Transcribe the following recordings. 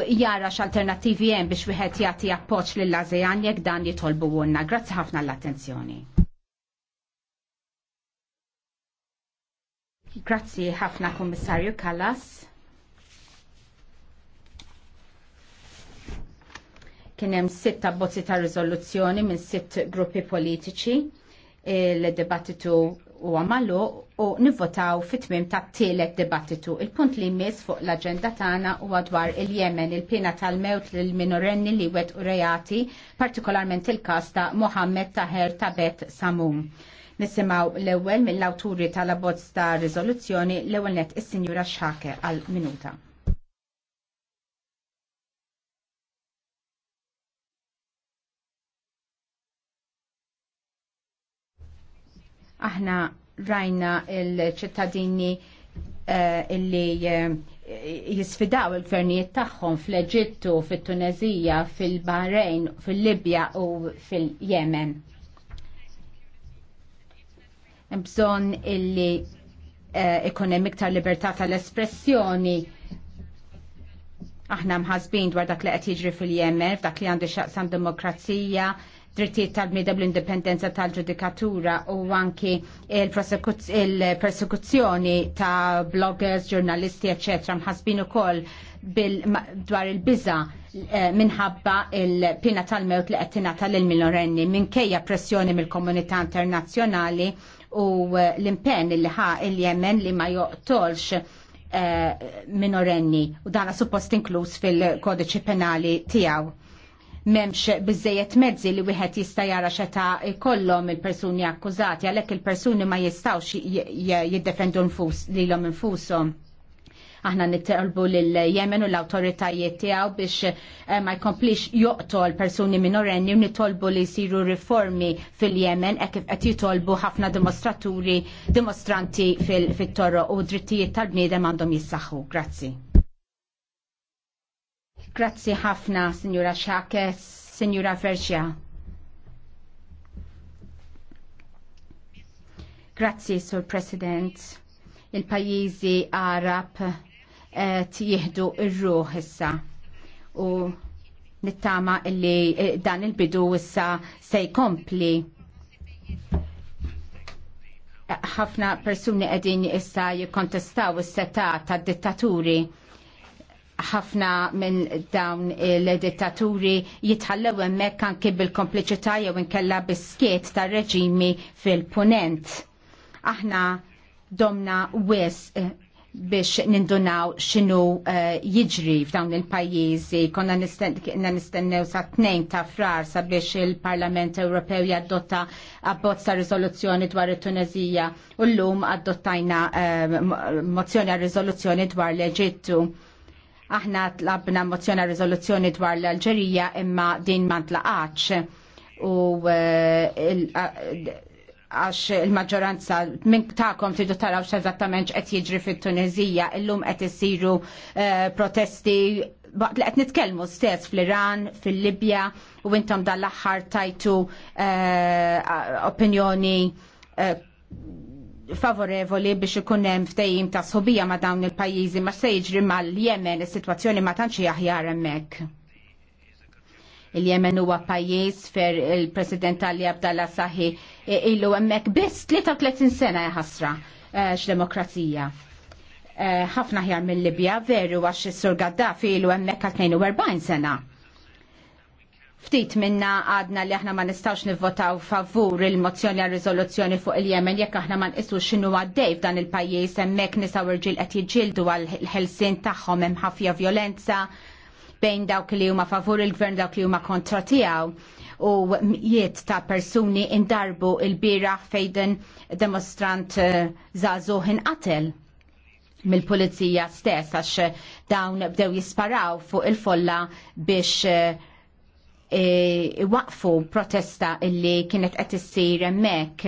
jara x'alternattivi hemm biex wieħed jagħti appoġġ lill-ASEAN jekk dan jitolbu għonna. Grazzi ħafna l-attenzjoni. Grazzi ħafna Kummissarju Kallas. Kien hemm sitt bozzi ta' riżoluzzjoni minn sitt gruppi politiċi. Il-dibattitu u għamallu u nivvotaw fit-tmim ta' tielet dibattitu. Il-punt li jmiss fuq l-agenda tagħna u dwar il-Jemen il pina tal-mewt l minorenni li wet u rejati, partikolarment il-kas ta' Mohammed Taher Tabet Samum. Nisimaw l-ewwel mill-awturi tal-abbozz ta' Rizoluzzjoni l-ewwel net is-Sinjura Xhake għal minuta. Aħna rajna il-ċittadini eh, illi eh, jisfidaw il-gvernijiet tagħhom fl-Eġittu, fit-Tunezija, fil-Bahrejn, fil-Libja u fil-Jemen. Bżonn illi ekonomik eh, ikun hemm iktar libertà tal-espressjoni aħna mħasbin dwar dak li qed jiġri fil-Jemen, f'dak li għandu xaqsan demokrazija, drittijiet tal mida l-indipendenza tal-ġudikatura u anki il-persekuzzjoni ta' bloggers, ġurnalisti, ecc. mħasbin ukoll dwar il-biża eh, minħabba il-pina tal-mewt li qed tingħata il minorenni minkejja pressjoni mill-komunità internazzjonali u eh, l impen li ħa il-Yemen li ma joqtolx eh, minorenni u dana suppost inkluż fil-kodiċi penali tiegħu memx bizzejet mezzi li wieħed jista' jara xeta kollhom il-persuni akkużati għalhekk il-persuni ma jistgħux jiddefendu nfus lilhom infushom. Aħna nitterbu lil Yemen u l-awtoritajiet tiegħu biex eh, ma jkomplix joqtol persuni minorenni u nitolbu li jsiru riformi fil-Yemen hekk kif qed jitolbu ħafna dimostraturi dimostranti fil toro u drittijiet tal-bniedem għandhom jissaħħu. Grazzi. Grazzi ħafna, Signora Xake, Signora Verġja. Grazzi, Sur President. Il-pajizi Arab jihdu ir-ruħ issa u nittama illi eh, dan il-bidu issa se jkompli ħafna persuni qegħdin issa jikkontestaw is-seta tad-dittaturi ħafna minn dawn il-dittaturi jitħallew hemmhekk anki bil-kompliċità jew inkella bis-skiet tar-reġimi fil-punent. Aħna domna wis eh, biex nindunaw xinu eh, jiġri f'dawn il-pajjiżi. Konna nistennew sa' tnejn ta' frar sabiex il-Parlament Ewropew jaddotta abbozz ta' riżoluzzjoni dwar it-Tunezija u llum adottajna eh, mozzjoni għal riżoluzzjoni dwar l-Eġittu Aħna tlabna mozzjoni riżoluzzjoni dwar l-Alġerija imma din ma tlaqax u eh, għax il-maġġoranza minn ta'kom tridu taraw x'eżattament qed jiġri fit-Tunezija, illum qed isiru eh, protesti waqt li qed nitkellmu stess fl-Iran, fil-Libja u intom dal-aħħar tajtu eh, opinjoni favorevoli biex ikun hemm ftehim ta' sħobija ma' dawn il-pajjiżi ma se jiġri mal-Yemen is-sitwazzjoni ma tantx aħjar hemmhekk. Il-Yemen huwa pajjiż fer il-President Ali Abdallah Sahi ilu hemmhekk biss 33 sena jħassra eh, x'demokrazija. Eh, ħafna ħjar mill-Libja veru għax is-Sur Gaddafi ilu hemmhekk għal 42 sena Ftit minna għadna li aħna ma nistax nivvotaw favur il-mozzjoni għal rizoluzzjoni fuq il-Jemen jekk aħna ma nqisu x'inhu għaddej f'dan il-pajjiż hemmhekk nisaw irġiel qed jiġġieldu għal ħelsien tagħhom hemm ħafja violenza bejn dawk li huma favur il-gvern dawk li huma kontra tiegħu u jiet ta' persuni indarbu il bira fejden demonstrant eh, zazu inqatel mill-pulizija stess għax dawn bdew jisparaw fuq il-folla biex eh, iwaqfu eh, protesta illi kienet qed issir hemmhekk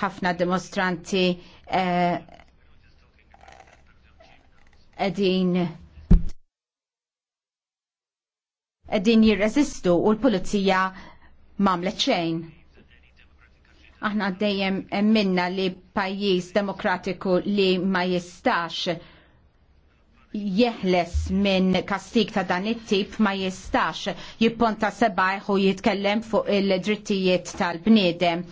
ħafna dimostranti eh, qegħdin qegħdin jirreżistu u l-pulizija m'għamlet xejn aħna dejjem minna li pajjiż demokratiku li ma jistax jeħles minn kastik ta' dan it-tip ma jistax jipponta sebaħ u jitkellem fuq il-drittijiet tal-bniedem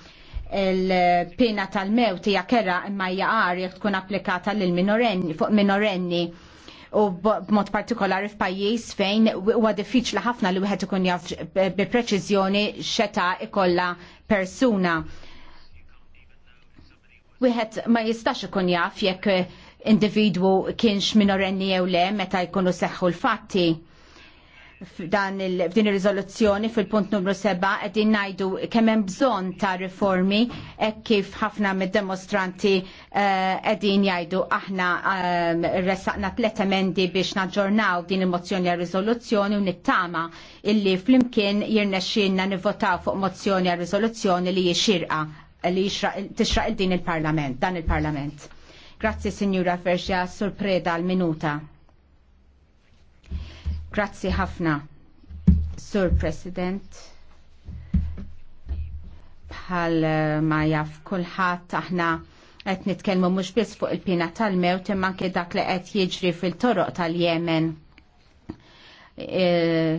il pina tal-mewt hija kera imma jaqar jekk tkun applikata lil minorenni fuq minorenni u b'mod partikolari f'pajjiż fejn huwa diffiċli ħafna li wieħed ikun jaf bi preċiżjoni xeta ikolla persuna. Wieħed ma jistax ikun jaf jekk individwu kienx minorenni jew le meta jkunu seħħu l-fatti. F'din ir-riżoluzzjoni fil-punt numru 7 qegħdin ngħidu kemm hemm bżonn ta' riformi hekk kif ħafna mid-demostranti eh, qegħdin uh, jgħidu aħna um, ressaqna tliet emendi biex naġġornaw din il-mozzjoni għal riżoluzzjoni u nittama illi flimkien jirnexxinna nivvotaw fuq mozzjoni għal riżoluzzjoni li jixirqa li tixraq il-din il-parlament, dan il-parlament. Grazzi Signora Ferxia Surpreda l-minuta. Grazzi ħafna, Sur President. Bħal eh, ma jaf kulħadd aħna qed nitkellmu mhux biss fuq il-pina tal-mewt imma anke dak li qed jiġri fil-toroq tal-Yemen. Eh,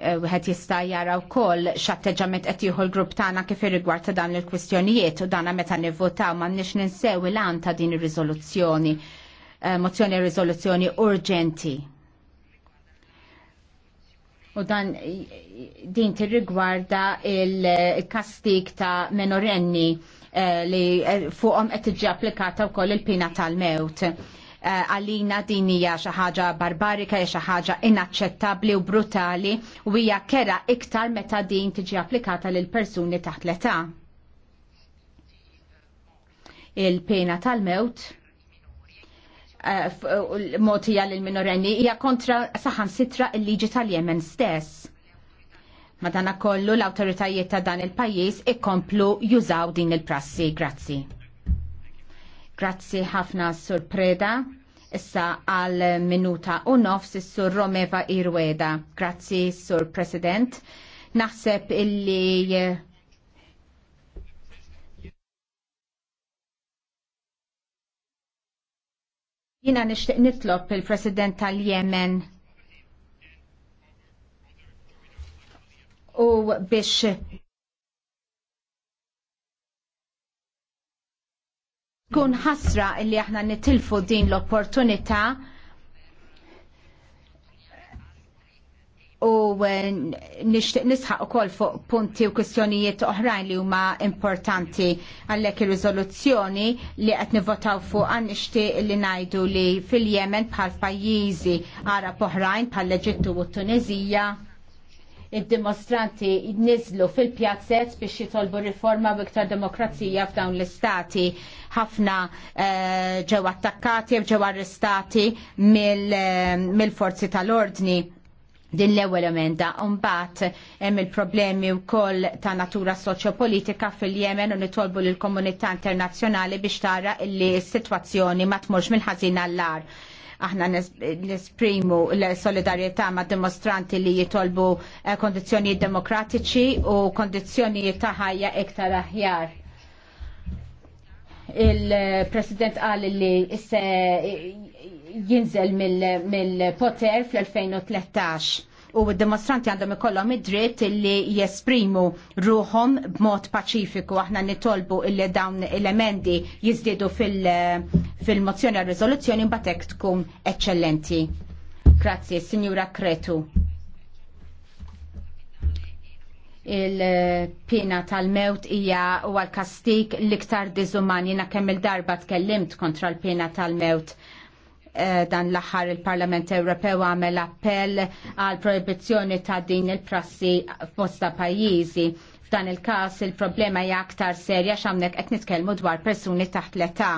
Eh, wieħed jista' jara wkoll x'atteġġament qed jieħu l-grupp tagħna kif irrigward ta' dan il-kwistjonijiet u dana meta nivvotaw m'għandniex ninsew il-għan ta' din ir-riżoluzzjoni, eh, mozzjoni e riżoluzzjoni urġenti. U dan din tirrigwarda il-kastik eh, ta' menorenni li fuqhom qed tiġi applikata wkoll il-pina tal-mewt Eh, għalina din hija xi ħaġa barbarika, hija xi ħaġa inaċċettabbli u brutali u hija kera iktar meta din tiġi applikata lil persuni taħt l-età. Il-pena tal-mewt eh, motija lil minorenni hija kontra saħan sitra il-liġi tal-Jemen stess. Madana kollu l-autoritajiet ta' dan il-pajjiż ikomplu jużaw din il-prassi. Grazzi. Grazzi ħafna Sur Preda. Issa għal minuta u nofs is-sur Romeva Irweda. Grazzi, sur President. Naħseb illi jina nishtiq nitlob il-President tal-Jemen u biex tkun ħasra illi aħna nitilfu din l-opportunità u eh, nishtiq nisħaq ukoll fuq punti u kwistjonijiet oħrajn li huma importanti għallek ir-riżoluzzjoni li qed nivvotaw fuq għan nixtieq li ngħidu li fil-Jemen bħal pajjiżi Arab oħrajn bħal eġittu u t-Tunisija id-dimostranti nizlu fil-pjazzet biex jitolbu riforma u iktar demokrazija f'dawn l-istati ħafna eh, ġew attakkati u ġew arrestati eh, mill-forzi tal-ordni din l-ewwel emenda mbagħad hemm il-problemi wkoll ta' natura soċjopolitika fil-Yemen u nitolbu lill komunità internazzjonali biex tara li s-sitwazzjoni ma tmurx mill-ħażin għall-ar Aħna nesprimu l-solidarietà ma' dimostranti li jitolbu eh, kondizjoni demokratiċi u kondizjoni ta' ħajja iktar aħjar il-President qal li jinżel mill-poter fl-2013 u d-dimostranti għandhom ikollhom id-dritt li jesprimu ruhom b'mod paċifiku. Aħna nitolbu illi dawn l-emendi jiżdiedu fil-mozzjoni għal riżoluzzjoni mbagħad tkun eċċellenti. Grazie, Signora Kretu. il-pina tal-mewt hija u għal-kastik l-iktar diżuman jina kemm il-darba tkellimt kontra l-pina tal-mewt Eh, dan l-aħħar il-Parlament Ewropew għamel appell għal proibizzjoni ta' din il-prassi f'bosta pajjiżi. F'dan il-każ il-problema hija aktar serja x'għamnek qed nitkellmu dwar persuni taħt l-età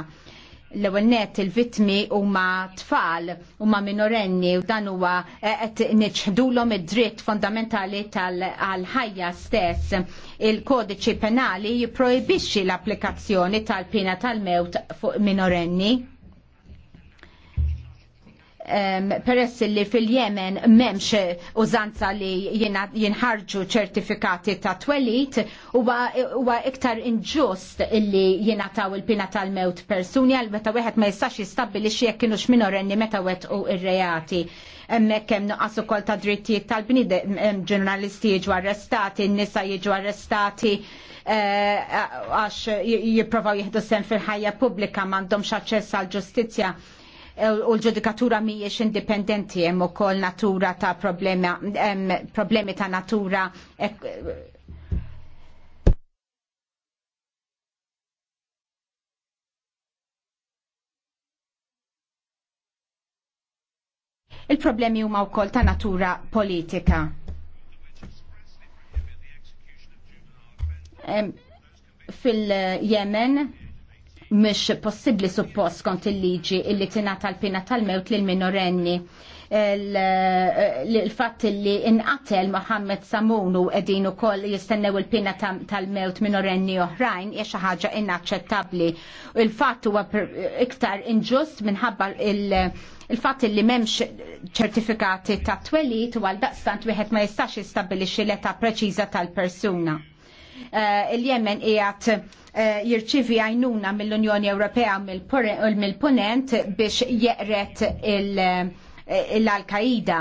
l-ewwel net il-vittmi huma tfal huma minorenni u dan huwa eh, qed niċħdulhom id-dritt fondamentali tal-ħajja stess. Il-kodiċi penali jipprojbixxi l-applikazzjoni tal-pina tal-mewt fuq minorenni peress li fil-Jemen memx użanza li jinħarġu ċertifikati ta' twelit huwa iktar inġust li jingħataw il-pina tal-mewt persuni għal meta wieħed ma jistax jistabbilix jekk kienux minorenni meta wettqu ir-reati emmek hemm nuqqas ukoll ta' drittijiet tal-bniedem ġurnalisti jiġu arrestati, nisa jiġu arrestati eh, għax jiprofaw jieħdu sen fil-ħajja pubblika m'għandhomx aċċess għall ġustizzja u l-ġudikatura mhijiex indipendenti hemm ukoll natura ta' problemi ta' natura il-problemi huma wkoll ta' natura politika. Fil-Jemen mhux possibbli suppost kont il-liġi illi tingħata l-pina tal-mewt lil minorenni eh, l-fatt li inqatel Mohammed Samunu qegħdin ukoll jistennew il-pina tal-mewt minorenni oħrajn hija xi ħaġa inaċċettabbli. Il-fatt huwa iktar inġust minħabba il- il-fatt li memx ċertifikati ta' twelit u għal daqstant wieħed ma jistax jistabbilixxi l-età preċiża tal-persuna. Eh, il-Jemen qiegħed eh, jirċivi għajnuna mill-Unjoni Ewropea mill-Punent biex jeqret eh, l-Al-Qaida.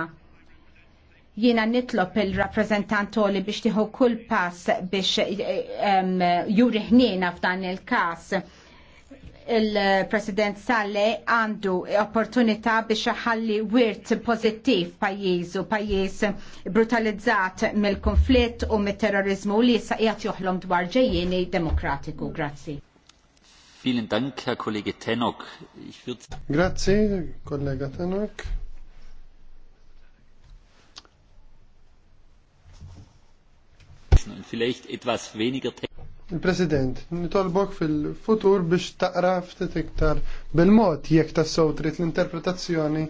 Jiena nitlob il-rappresentantoli biex tieħu kull pass biex juriħnina f'dan il-każ il-President Salle għandu opportunità biex ħalli wirt pozittiv pajjiż u pajjiż brutalizzat mill-konflitt u mill terrorizmu li jissaqijat joħlom dwar ġejjeni demokratiku. Grazzi. Vielen Dank, Herr Kollege Tenok. Würd... Grazie, kollega Tenok. Vielleicht etwas weniger Il-President, nitolbok fil-futur biex taqra ftit iktar bil-mod jekk tassow trid l-interpretazzjoni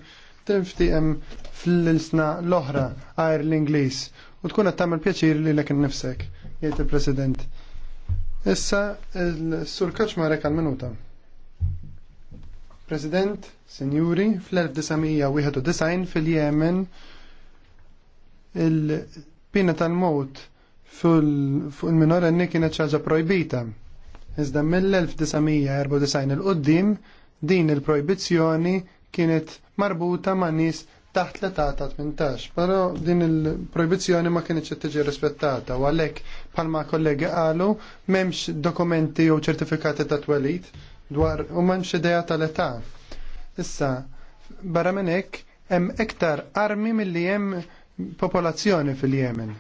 tinftiqem fl lisna l-oħra għajr l-Ingliż u tkun qed tagħmel pjaċir li lek innifsek, jgħid il-President. Issa l-Sur Kaċmarek għal-minuta. President, Senjuri, fl-1991 fil-Jemen il-pina tal-mod fuq il-minorenni kienet ċaġa projbita. Iżda mill-1994 il-qoddim din il projbizjoni kienet marbuta ma' nies taħt l ta' 18. Però din il projbizjoni ma kienet tiġi rispettata u għalhekk bħalma kollegi qalu m'hemmx dokumenti jew ċertifikati ta' twelid dwar u m'hemmx idea tal-età. Issa, barra minn hekk hemm iktar armi milli hemm popolazzjoni fil-Jemen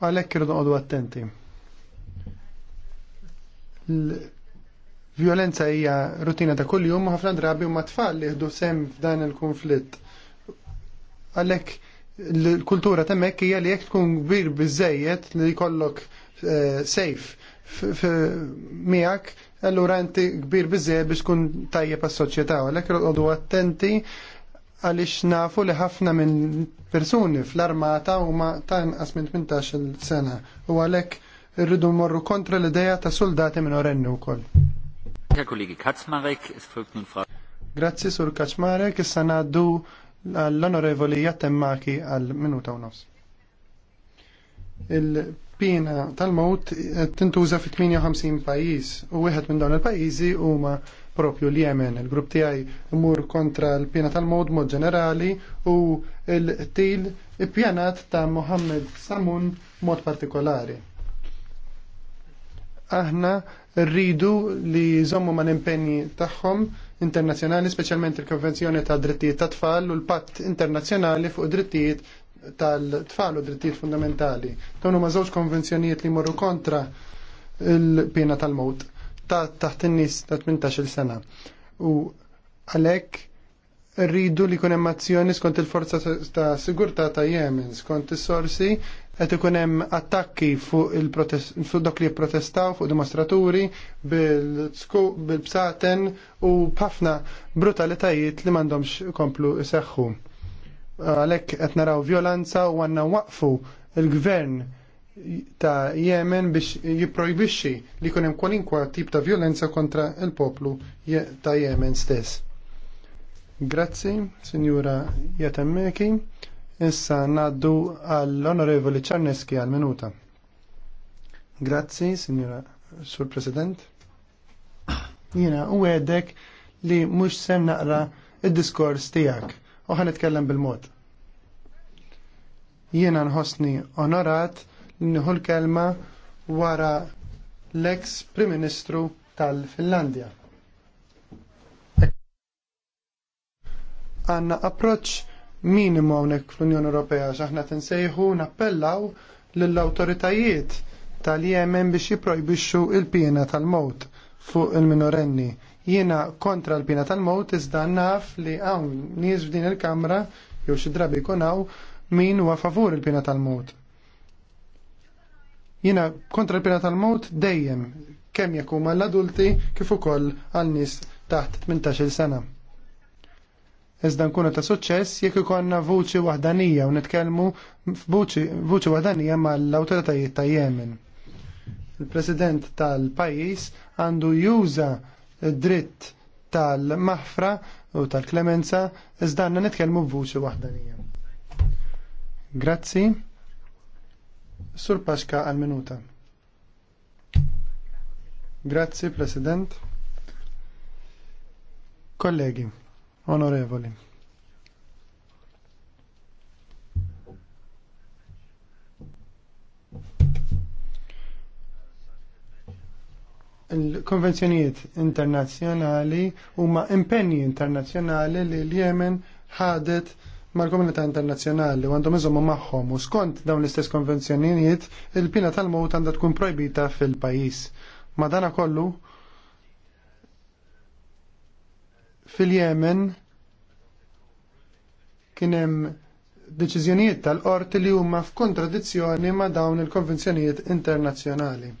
Għalhekk irdu noqogħdu attenti. Violenza hija rutina ta' kuljum u ħafna drabi u tfal li jieħdu sem f'dan il-konflitt. Għalhekk l-kultura temmek hija li jekk tkun kbir biżejjed li jkollok eh, sejf miegħek, allura inti kbir biżejjed biex tkun tajjeb għas-soċjetà, għalhekk għadu attenti għaliex nafu li ħafna minn persuni fl-armata huma ta' inqas minn 18 sena u għalhekk irridu morru kontra l-idea ta' soldati minn orenni wkoll. Grazzi sur Kaczmarek, issa ngħaddu l-onorevoli jattemmaki għal minuta u nofs. Il-pina tal-mot tintuża fi 58 pajjiż u wieħed minn dawn il-pajjiżi huma propju l jemen. Il-grupp tiegħi mur kontra l-pjena tal-mod mod ġenerali u l-til pjanat ta' Mohammed Samun mod partikolari. Aħna rridu li jżommu man impenji tagħhom internazzjonali, speċjalment il-Konvenzjoni ta' Drittijiet ta' Tfal u l-Patt Internazzjonali fuq Drittijiet tal-tfal u drittijiet fundamentali. Dawn huma żewġ konvenzjonijiet li morru kontra il pjena tal mod taħt in-nies ta' 18-il sena. U għalhekk rridu li jkun hemm azzjoni skont il-forza ta' sigurtà ta' Yemen, skont is-sorsi qed ikun hemm attakki fuq fuq dak li jipprotestaw fuq dimostraturi bil-bsaten u b'ħafna brutalitajiet li m'għandhomx komplu seħħu. Għalhekk qed naraw violenza u għandna waqfu il-gvern ta' Yemen biex jipprojbixxi li jkun hemm kwalinkwa tip ta' violenza kontra il poplu ta' Yemen stess. Grazzi, signora Jatemmeki. Issa naddu għall-Onorevoli Czarneski għal-minuta. Grazzi, signora Sur President. Jiena u għedek li mhux sem naqra id-diskors tiegħek u itkellem bil-mod. Jiena nħossni onorat nħu l-kelma wara l-ex Prim Ministru tal-Finlandja. Għanna approċ minimo hawnhekk fl-Unjoni Ewropea x'aħna tinsejħu nappellaw lill-awtoritajiet tal-Jemen biex jiprojbixxu il-pjena tal-mowt fuq il-minorenni. Jiena kontra l-pjena tal-mowt iżda naf li hawn nies f'din il-Kamra jew xi drabi jkun hawn min huwa favur il-pjena tal-mowt. Jiena kontra l-pena tal-mot dejjem kemm jekk huma l-adulti kif ukoll għal nies taħt 18-il sena. Iżda nkunu ta' suċċess jekk ikonna vuċi waħdanija u nitkellmu vuċi waħdanija mal-awtoritajiet ta' Yemen. Il-President tal-pajjiż għandu juża dritt tal-maħfra u tal-klemenza iżda għandna nitkellmu b'vuċi waħdanija. Grazzi. Sur Paska al minuta. Grazzi, President. Kollegi, onorevoli. il-konvenzjonijiet internazzjonali huma impenni internazzjonali li l-Jemen ħadet mal-komunità internazzjonali u għandhom iżommu magħhom u skont dawn l-istess konvenzjonijiet il-pina tal-mowt għandha tkun projbita fil-pajjiż. dana kollu fil-Jemen kien hemm deċiżjonijiet tal-qorti li huma f'kontradizzjoni ma' dawn il-konvenzjonijiet internazzjonali.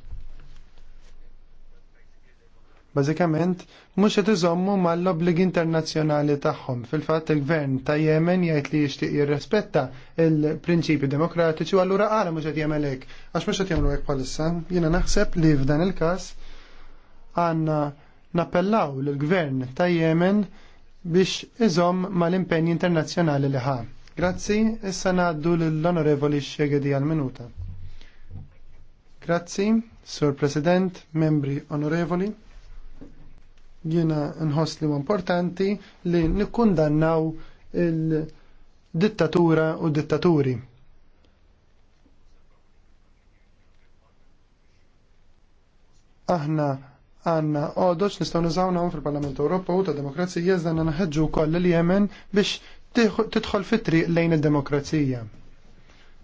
Bażikament, mhux qed iżommu mal-obbligi internazzjonali tagħhom. Fil-fatt il-gvern ta' Yemen jgħid li jixtieq jirrespetta il-prinċipji demokratiċi u allura qara mhux qed jagħmel hekk. Għax mhux qed jagħmlu hekk bħalissa. Jiena naħseb li f'dan il-każ għandna nappellaw lill-gvern ta' Yemen biex iżomm mal-impenji internazzjonali li ħa. Grazzi, issa ngħaddu lill-Onorevoli Xegedi għal-minuta. Grazzi, Sur President, membri onorevoli. Jiena nħoss li importanti li nikkundannaw il-dittatura u dittaturi. Aħna għanna għodoċ nistaw nizawna fil-Parlament u ta' demokrazija zdan naħħġu koll l-Jemen biex tidħol fit-triq lejn id-demokrazija.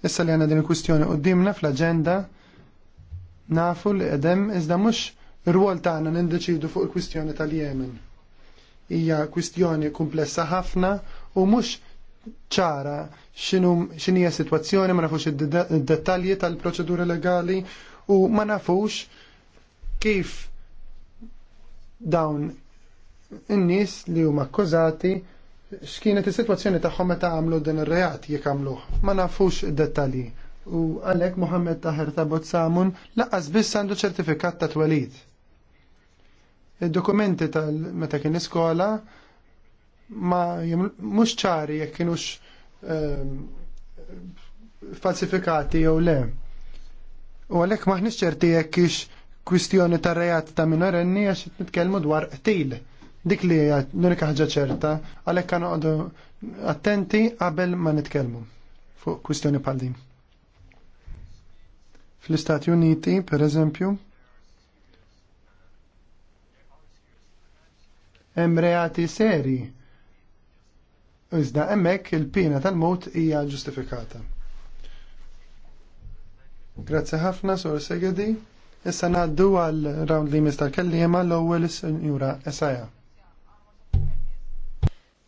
Issa li għanna din il-kustjoni dimna fl-agenda nafu li għedem iżda mux Ir-rwol tagħna nindeċidu fuq il-kwistjoni tal-Yemen. Hija kwistjoni komplessa ħafna u mhux ċara x'inhi sitwazzjoni ma nafux id-dettalji tal-proċeduri legali u ma nafux kif dawn in-nies li huma akkużati x'kienet is-sitwazzjoni tagħhom meta għamlu din ir-reat jekk għamluh. Ma nafux id dettalji. U għalhekk Muhammed Taher ta' Samun laqas biss għandu ċertifikat ta' twelid. Id-dokumenti tal-meta kien iskola ma mhux ċari jekk kienux ehm, falsifikati jew le. U għalhekk maħniex ċerti jekk ix kwistjoni ta' rejat ta' minorenni għax nitkellmu dwar qtil. Dik li l-unika ħaġa ċerta għalhekk għandu attenti qabel ma nitkellmu fuq kwistjoni bħal din. Fl-Istati Uniti, per eżempju, hemm reati seri. Iżda hemmhekk il-pina tal-mut hija ġustifikata. Grazzi ħafna, Sur Segedi. Issa ngħaddu għal round li mistar kellima l-ewwel is-Sinjura Esaja.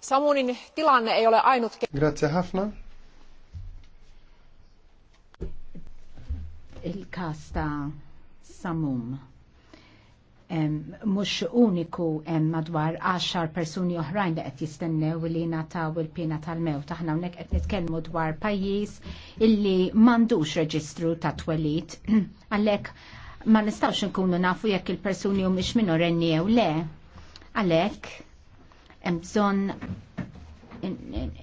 Samunin tilanne ei ole ainut. Grazzi ħafna. Il-kasta Samum mhux uniku hemm madwar 10 persuni oħrajn li qed jistennew li nataw il pina tal-mewt. Aħna hawnhekk qed nitkellmu dwar pajjiż illi m'għandux reġistru ta' twelid. Għalhekk ma nistgħux nkunu nafu jekk il-persuni u mhix minorenni jew le. Għalhekk hemm bżonn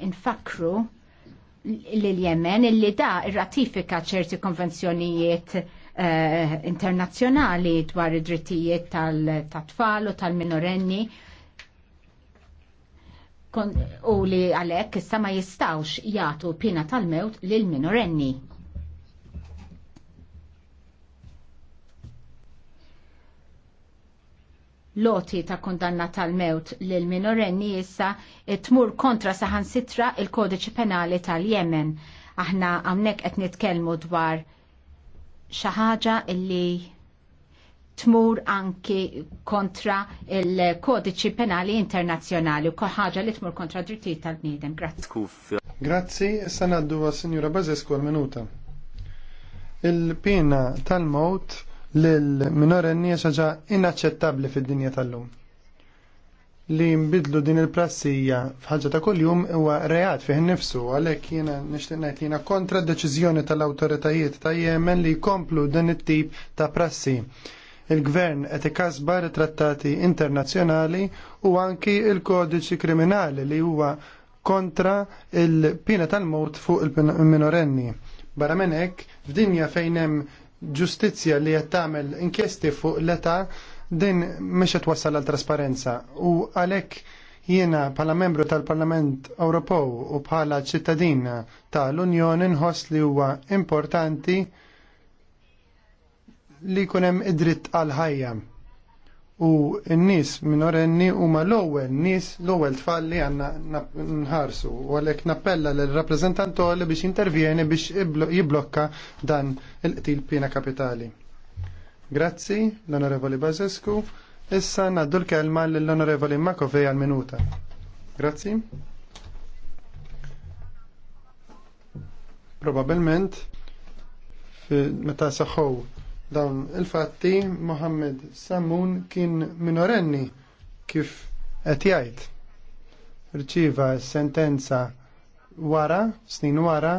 infakru l-Jemen illi da ratifika ċerti konvenzjonijiet eh, internazzjonali dwar id-drittijiet tal-tfal u tal-minorenni u li għalek issa ma jistawx jgħatu pina tal-mewt lil minorenni. Loti ta' kondanna tal-mewt lil minorenni issa tmur kontra saħan sitra il-kodiċi penali tal-Jemen. Aħna għamnek qed nitkellmu dwar xi ħaġa li tmur anki kontra il-kodiċi penali internazzjonali u ħaġa li tmur kontra drittijiet tal-bniedem. Grazzi. Grazzi, issa naddu għas-Sinjura Bazesku għal-minuta. Il-pena tal-mot lil minorenni xaġa inaċċettabbli fid-dinja tal-lum li nbidlu din il-prassija fħagġa ta' kuljum huwa reat fih nifsu għalhekk jiena nixtieq ngħid jiena kontra d-deċiżjoni tal-awtoritajiet ta' Yemen li jkomplu din it-tip ta' prassi. Il-gvern qed ikasbar trattati internazzjonali u anki il-kodiċi kriminali li huwa kontra il-pina tal-mort fuq il-minorenni. Barra minn hekk, f'dinja fejn hemm ġustizzja li qed tagħmel inkjesti fuq l-età din meċa qed wassal għal trasparenza u għalhekk jiena bħala membru tal-Parlament Ewropew u bħala ċittadin tal-Unjoni nħoss li huwa importanti li jkun hemm id-dritt għal ħajja. U n-nies minorenni huma l-ewwel nies l-ewwel tfal li għandna nħarsu u għalhekk nappella lill rappreżentant li biex intervjeni biex jiblokka dan il-qtil pina kapitali. Grazzi, l-Onorevoli Bazescu. Issa naddu l-kelma l-Onorevoli Makovej għal-minuta. Grazzi. Probabilment, meta saħħu dawn il-fatti, Mohammed Samun kien minorenni kif qed jgħid. Rċiva sentenza wara, snin wara,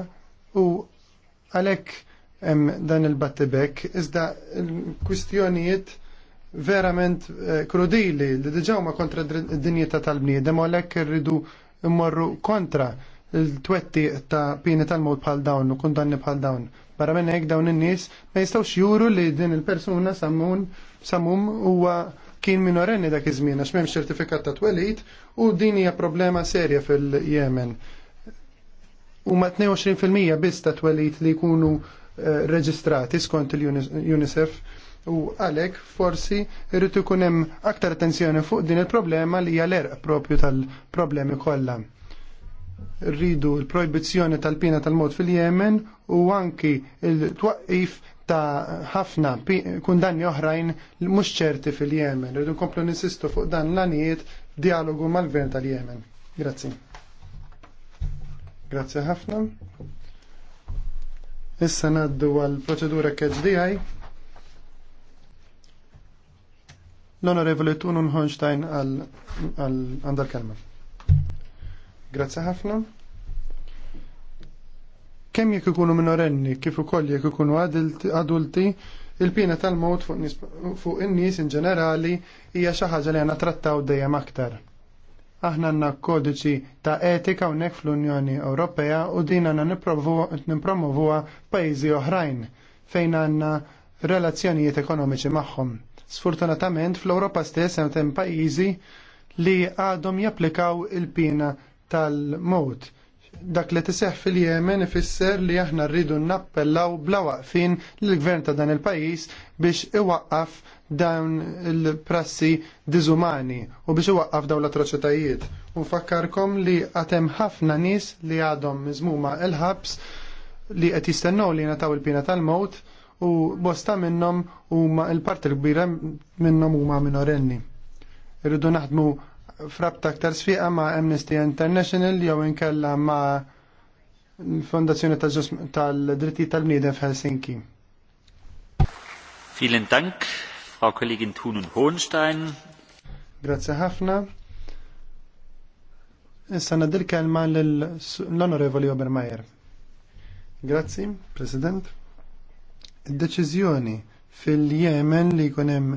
u għalek hemm dan il-battibek, iżda l-kwistjonijiet verament eh, krudili li diġaw ma kontra d-dinjeta tal-bniedem u għalhekk irridu mmorru kontra l-twetti ta' pini tal-mod bħal dawn u kundanni bħal dawn. Barra minn hekk dawn in-nies ma jistgħux juru li din il-persuna samun samum huwa kien minorenni dak iż-żmien għax m'hemm ċertifikat ta' twelid u din hija problema serja fil-Yemen. U ma 22% biss ta' twelid li jkunu Eh, reġistrati skont il-UNICEF u għalek forsi irritu kunem aktar attenzjoni fuq din il-problema li jaler propju tal-problemi kollha. Rridu il-proibizjoni tal-pina tal-mod fil-Jemen u anki il-twaqif ta' ħafna kundanni oħrajn mhux ċerti fil-Jemen. Rridu nkomplu ninsistu fuq dan l-anijiet dialogu mal-gvern tal-Jemen. Grazzi. Grazzi ħafna. Issa naddu għal proċedura KHDI. L-onorevoli Tunun Honstein għal għandal kelma. Grazie ħafna. Kemm jekk ikunu minorenni, kif ukoll jekk ikunu adulti, il-pina tal-mod fuq in-nies in ġenerali hija xi ħaġa li għana trattaw dejjem aktar aħna għanna kodiċi ta' etika unnek fl-Unjoni Ewropea u din għanna nipromovuha pajizi oħrajn fejn għanna relazzjonijiet ekonomiċi magħhom. Sfortunatament fl-Ewropa stess hemm pajizi li għadhom japplikaw il-pina tal-mod dak li tiseħ fil-Jemen ifisser li aħna rridu nappellaw bla waqfin l-gvern ta' dan il-pajis biex iwaqqaf dawn il-prassi diżumani u biex iwaqqaf dawn l-atroċitajiet. U fakkarkom li għatem ħafna nis li għadhom miżmuma il-ħabs li qed jistennew li nataw il-pina tal-mowt u bosta minnhom huma il-parti l-kbira minnhom huma minorenni. Irridu naħdmu frabta aktar sfiqa ma' Amnesty International jew inkella ma' l-Fondazzjoni tal-Dritti tal bnidem f'Helsinki. Vielen Dank, Frau Kollegin und Hohenstein. Grazie ħafna. Issa nadil kelma l-Onorevoli Obermeier. Grazzi, President. il deċiżjoni fil-Jemen li jkun hemm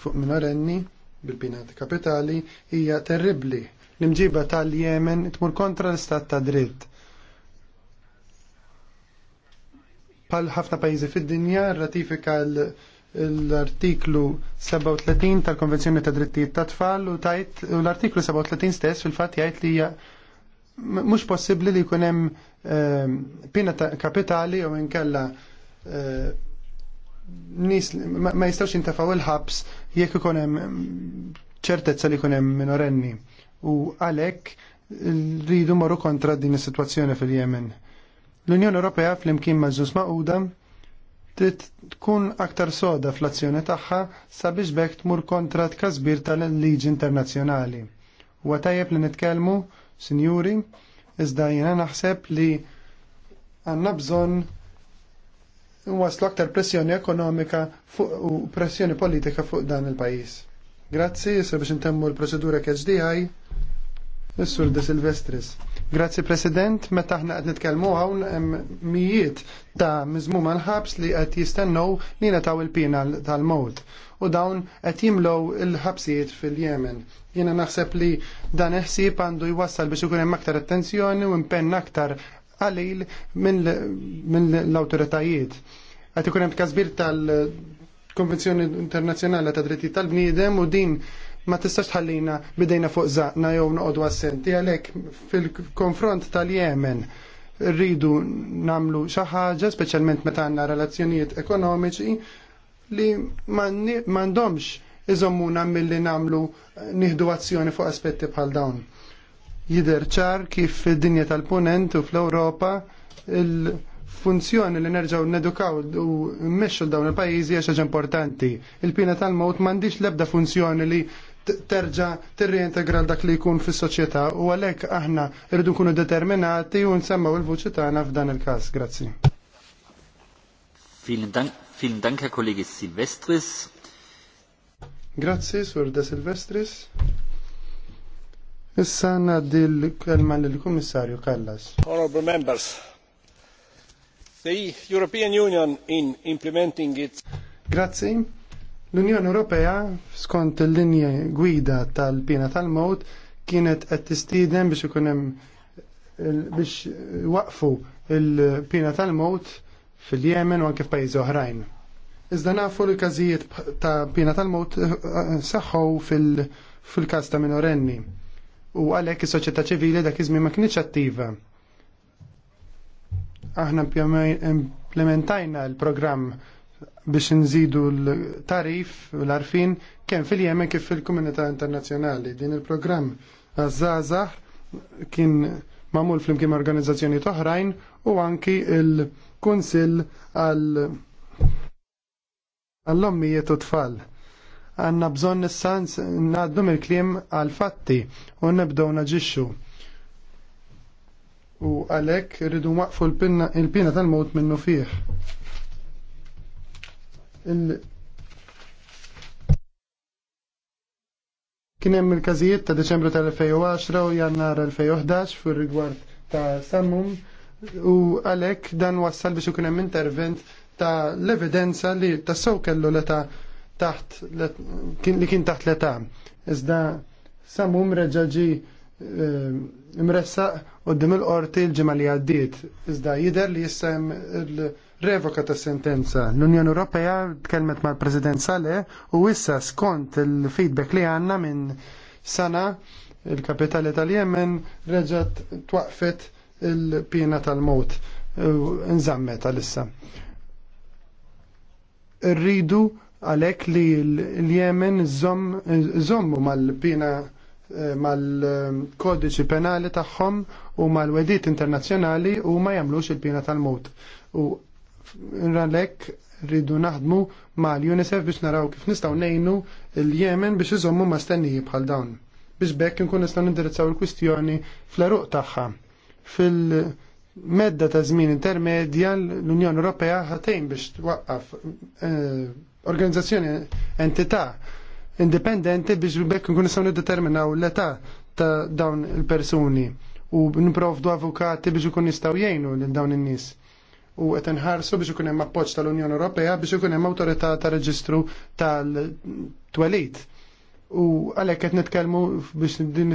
fuq minorenni bil-pina kapitali hija terribli. L-imġiba tal-Jemen tmur kontra l-istat ta' dritt. Pal ħafna pajjiżi fid-dinja ratifika l-artiklu 37 tal-Konvenzjoni ta' Drittijiet ta' Tfal u tajt l-artiklu 37 stess fil-fatt jgħid li hija mhux possibbli li jkun hemm pina ehm, kapitali jew inkella eh, nis ma jistawx jintafaw il-ħabs jekk ikun hemm ċertezza li jkun hemm minorenni u għalhekk rridu morru kontra din is-sitwazzjoni fil jemen L-Unjoni Ewropea flimkien mażus maquda trid tkun aktar soda fl-azzjoni tagħha sabiex bekk tmur kontra tkasbir tal-liġi internazzjonali. Huwa tajjeb li nitkellmu, sinjuri, iżda jiena naħseb li għandna bżonn waslu aktar pressjoni ekonomika u pressjoni politika fuq dan il-pajis. Grazzi, jisra biex intemmu l-procedura KHDI, is De Silvestris. Grazzi President, meta aħna qed nitkellmu hawn mijiet ta' miżmuma l-ħabs li qed jistennu li nataw il-pina tal mod u dawn qed jimlow il-ħabsijiet fil-Yemen. Jiena naħseb li dan iħsib għandu jwassal biex ikun hemm aktar attenzjoni u impenn aktar ħalil minn l-autoritajiet. Għati ikun hemm kazbir tal-Konvenzjoni Internazzjonali ta' Dritti tal-Bniedem u din ma tistax ħallina bidejna fuq zaqna jew noqogħdu assenti għalhekk fil-konfront tal-Jemen rridu namlu xi ħaġa, speċjalment meta għandna relazzjonijiet ekonomiċi li m'għandhomx iżommuna mill-li namlu nieħdu azzjoni fuq aspetti bħal dawn. Jider ċar kif id dinja tal-punent u fl-Ewropa il-funzjoni li nerġaw nedukaw u mmexxu dawn il-pajjiżi għax ħaġa importanti. Il-pina tal mot m'għandix l-ebda funzjoni li terġa tirreintegra dak li jkun fis-soċjetà u għalhekk aħna rridu nkunu determinati u nsemmaw il-vuċi tagħna f'dan il-każ. Grazzi. Film Dank, vielen Dank, Silvestris. Grazzi, Sur De Silvestris. Issa naddi l-kelma l-Kummissarju Kallas. Honorable members, the European Union in implementing its... Grazzi. L-Unjoni Ewropea, skont il linje gwida tal-pina tal-mod, kienet qed tistieden biex ikun hemm biex waqfu l pina tal-mod fil-Jemen u anke f'pajjiżi oħrajn. Iżda nafu li każijiet ta' pina tal-mod eh, saħħu fil-każ ta' minorenni u għalhekk is-soċjetà ċivili dak iż-żmien ma kienx attiva. Aħna implementajna l-programm biex nżidu l-tarif u l-arfin kemm fil-Jemen kif fil-komunità internazzjonali. Din il-programm għaż-żgħażagħ kien mamul flimkien organizzazzjoni toħrajn u anki il-Kunsill għall-ommijiet u tfal għanna bżon nissans naddu mill-klim għal-fatti u nibdow naġixxu. U għalek rridu waqfu l-pina tal-mot minnu fih. Il... Kien hemm il-każijiet ta' Deċembru tal-2010 u Jannar 2011 fur rigward ta' Sammum u għalek dan wassal biex ikun hemm intervent ta' l-evidenza li tassew kellu l-ta' taħt li kien taħt l-età. Iżda samum ġi eh, mressaq u il-qorti l ġimgħa li għaddiet. Iżda jider li jissem il-revoka ta' sentenza. L-Unjoni Ewropea tkellmet mal president Saleh u issa skont il-feedback li għanna minn sana il-kapitali tal-Jemen reġat twaqfet il-pina tal-mot. Eh, nżammet għal-issa. Rridu għalek li l-Jemen zommu mal-pina eh, mal-kodiċi penali tagħhom u mal-wedit internazzjonali u ma jagħmlux il-pina tal-mut. U ralek rridu naħdmu mal-UNICEF biex naraw kif nistgħu nejnu l-Jemen biex iżommu ma stenniji bħal dawn. Biex bekk nkun nistaw nindirizzaw il-kwistjoni fl-eruq tagħha. Fil- medda ta' żmien intermedja l-Unjoni Ewropea ħatejn biex twaqqaf eh, organizzazzjoni entità indipendenti biex bekk nkun nistgħu niddeterminaw l-età ta' dawn il-persuni u nipprovdu avukati biex ikun jistgħu jgħinu lil dawn in-nies u qed inħarsu biex ikun hemm appoġġ tal-Unjoni Ewropea biex ikun hemm awtorità ta' reġistru tal-twelid. U għalhekk qed nitkellmu biex din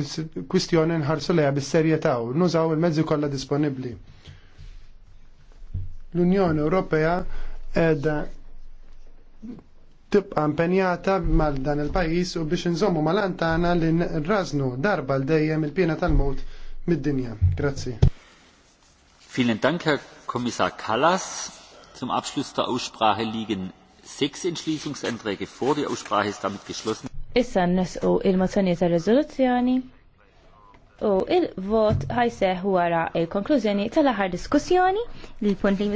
kwistjoni nħarsu lejha bis-serjetà u nużaw il-mezzi kollha disponibbli. L-Unjoni Ewropea qiegħda tibqa' impenjata mal dan il-pajjiż u biex inżommu mal-antana li nraznu darba l dejjem il-pjena tal-mod mid-dinja. Grazzi. Vielen Dank, Herr Kommissar Kallas. Zum Abschluss der Aussprache liegen sechs Entschließungsanträge vor. Die Aussprache ist damit geschlossen. Issa nisqu il-mozzjoni ta' rezoluzzjoni u il-vot ħajseħ wara il-konklużjoni tal-aħħar diskussjoni li l punt li